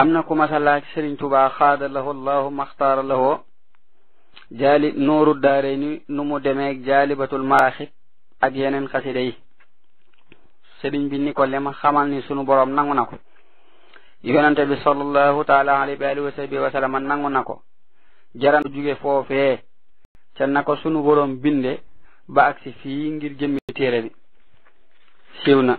am na ku masa laaj Sëriñ Tuubaa xaada lahu allahu jaali nooru daare ni nu jaalibatul maraaxib ak yeneen xasida yi sëriñ bi ko lema xamal ni sunu boroom nangu na ko yonente bi sallallahu taala alayhi wa alihi wa sahbihi nangu na ko jaran jóge foofee ca na ko sunu borom binde ba agsi fii ngir jëmmi téere bi siiw